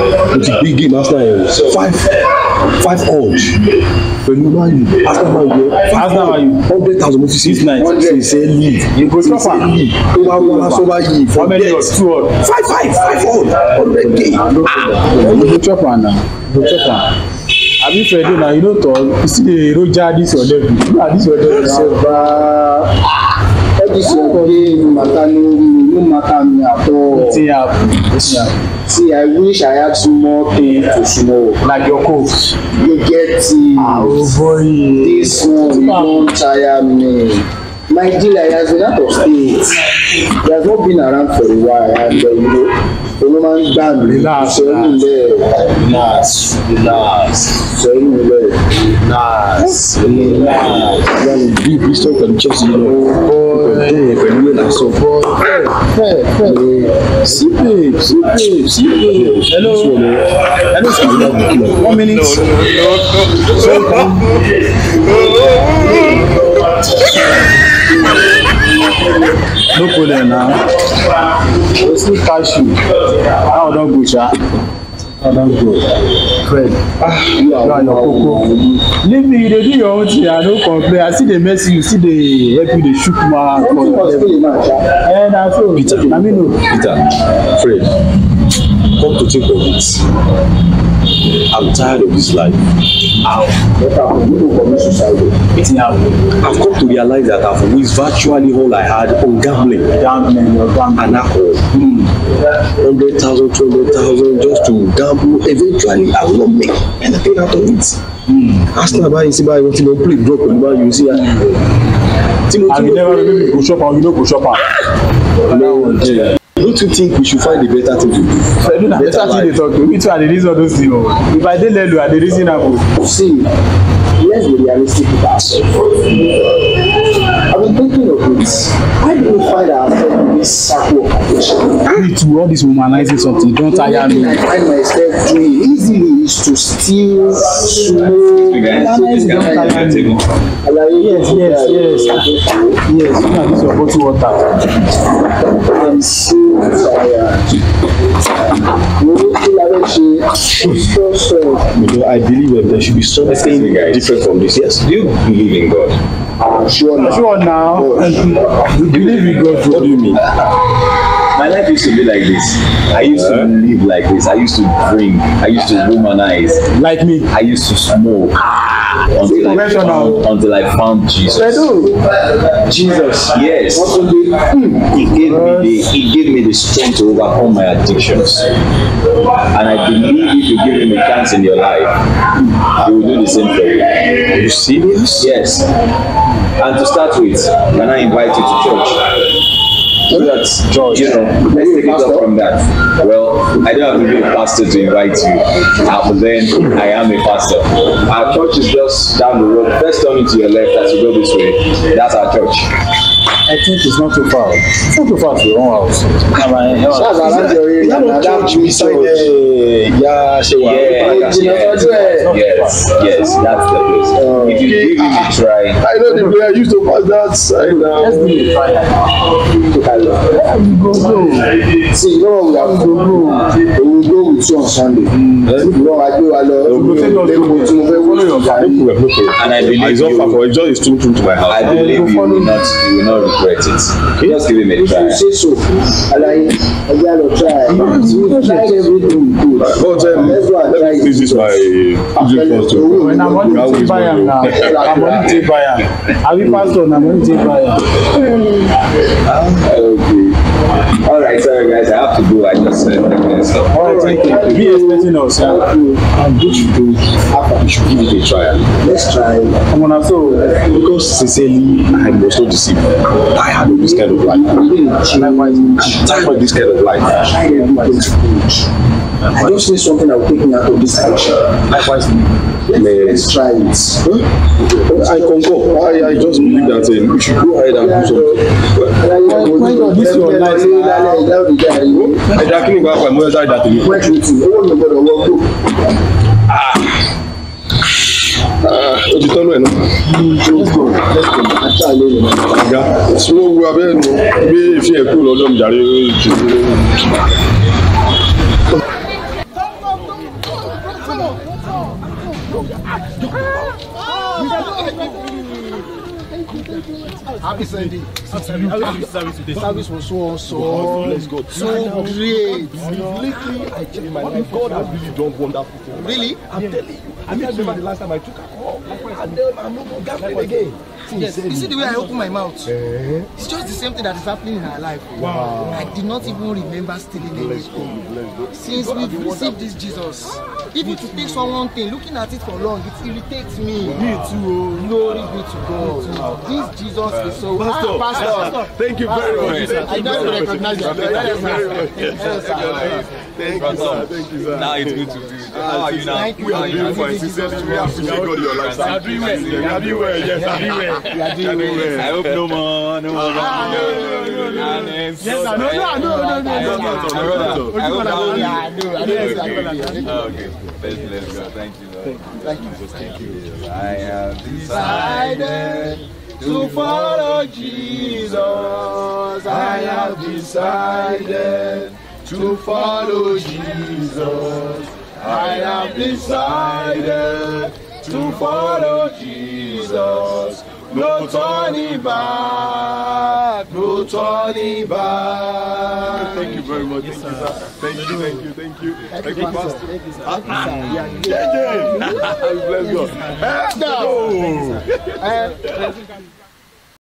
ó ti big game after yẹn five five odds pẹ̀lú Man U Arsenal Man U Arsenal Man hundred thousand mo fi sí ṣèṣe lead ṣèṣe lead tó bá wọ́n aṣọ bá yìí for bet five five five odds hundred k. Ah. mo chop am na mo chop am abi Fredo na you no talk you still dey roja dis your devil you are dis your devil na all this your game matter no no matter me at all. wetin happen wetin happen. See, I wish I had some more pain to small. Like your coat. You get it. Ah, oh boy. This one won't tire me. Nigeria he has been out of state he has not been around for a while and uh, you know òun máa ń gbà mí sẹ́yìn lẹ̀ sẹ́yìn lẹ̀ yàrá bí bristol pẹ̀lú chelsea yìí lọ bẹ́ẹ̀ pẹ̀lú ìlà sọ sípè sípè sípè hello eh? hello sípè eh? one minute no problem na we still catch you how don go sha how don go fred you are your koko leave me you dey do your own thing i no complain i still dey mess you still dey help you dey shook ma for na so peter na me know. peter fred come to think of it I'm tired of this life. I've come to realize that I've wasted virtually all I had on gambling, gambling, gambling. and hmm. thousand, Mm. 100,000, 200,000 just to gamble. Eventually, I will not make anything out of it. Hmm. Ask Arsenal báyìí sí báyìí wọ́n ti to play drop pẹ̀lú báyìí yóò sí à. Tí mo tún lọ play. Àgbẹ̀dẹ́rẹ́ mi kò ṣọ́pà, òyìnbó kò ṣọ́pà don't you think we should find a better thing to do? Pẹ̀lú better thing dey talk to me too I dey reason those things o. If I dey level I dey reason am o. See, let's be realistic with ourselves. I'm thinking of it. Why do we find ourselves in this circle of competition? Me too, all this humanizing something, don't tire me. I find myself doing easily is to steal, slow, womanizing don't tire me. Alaye, yes, yes, yes. Yes, you know, this is your bottle water. I'm so tired. I believe that there should be something different from this. Yes. Do you believe in God? Sure now. Sure now. Oh, sure. You believe in God. What do you mean? my life used to be like this. I used to live like this. I used to drink. I used to womanize. Like me. I used to smoke. until, I found, until I found Jesus. Jesus, yes. He gave me the He gave me the strength to overcome my addictions. And I believe if you give him a chance in your life, he will do the same for you. You see this? Yes. And to start with, can I invite you to church? So that, George. you know, let's take it up from that. Well, I don't have to be a pastor to invite you. Uh, but then I am a pastor. Our church is just down the road. First turn into your left as you go this way. That's our church. I think it's not too far. It's not too far to your own house. Ṣáàzà láti orí ìlànà ju beside ìyá Ṣèwà. Yes, yes, that's the place. Um, If you give me a try. I know the way I used to pass that side now. Let's be the See, no, we have to go. We go two on Sunday hmm. ṣùgbọ́n wa wa lọ and I believe you And I believe you will not you will not regret it just give him a try. you say so alaye ẹgbẹ́ àlọ́ try ah, try everything you go. but um, let me finish this my usual first na money take buy am na money take buy am abi pastor na money take buy am. you expecting us? Yeah? And what do, you should give it a try. Let's try. I'm gonna so because sincerely, I was so deceived. I had this kind of life. Likewise, I'm this kind of life. I am my just need something that will take me out of this addiction. Likewise, Let's try it. Huh? I concur. I, I just believe that uh, we should go ahead and do something. This is your night. Ẹja kí ni gbàgbà mọ́ ẹja ìdàtẹ̀ mi. Owó mi gbọ́dọ̀ wọ́n kú. O ti tọ́nu ẹ̀ náà. Ọ̀gá, sọ́wọ́ wo abẹ́rẹ́ nu gbé ìfihàn kúrò lọ́dọ̀ mi jàre. happy Sunday. Happy service Service was so awesome. So great. Lately, I changed my life. God has really done wonderful things. Really? I'm telling you. I mean, I remember the last time I took a call. And then I'm not going again. Yes. You see the way I open my mouth? Eh? It's just the same thing that is happening in her life. Wow. I did not even remember stealing school. Since we've received this Jesus even to take someone thing looking at it for long it irritates me. me too o. glory be to God this Jesus is so. pastor ah, pastor ah, thank you very much. I don't recognize you. thank you sir. thank you sir. thank you sir. now it's good to be with you. how are you now. we are doing fine we appreciate God your life. I do well. I do well. Yes I do well. I well. I hope no more no more. no no no no. yes I no no no no no. I hope that. I I hope that. I hope Thank you, Lord. Thank you, Lord. Thank you. Thank you. I have decided to follow Jesus. I have decided to follow Jesus. I have decided to follow Jesus. No turning back, no turning back. Thank you very much. Yes, thank, you, thank, you, thank you, thank you, thank you. Thank you, Pastor. Thank you, sir. Ah, thank you, sir. Bless God. Let's go. Eh,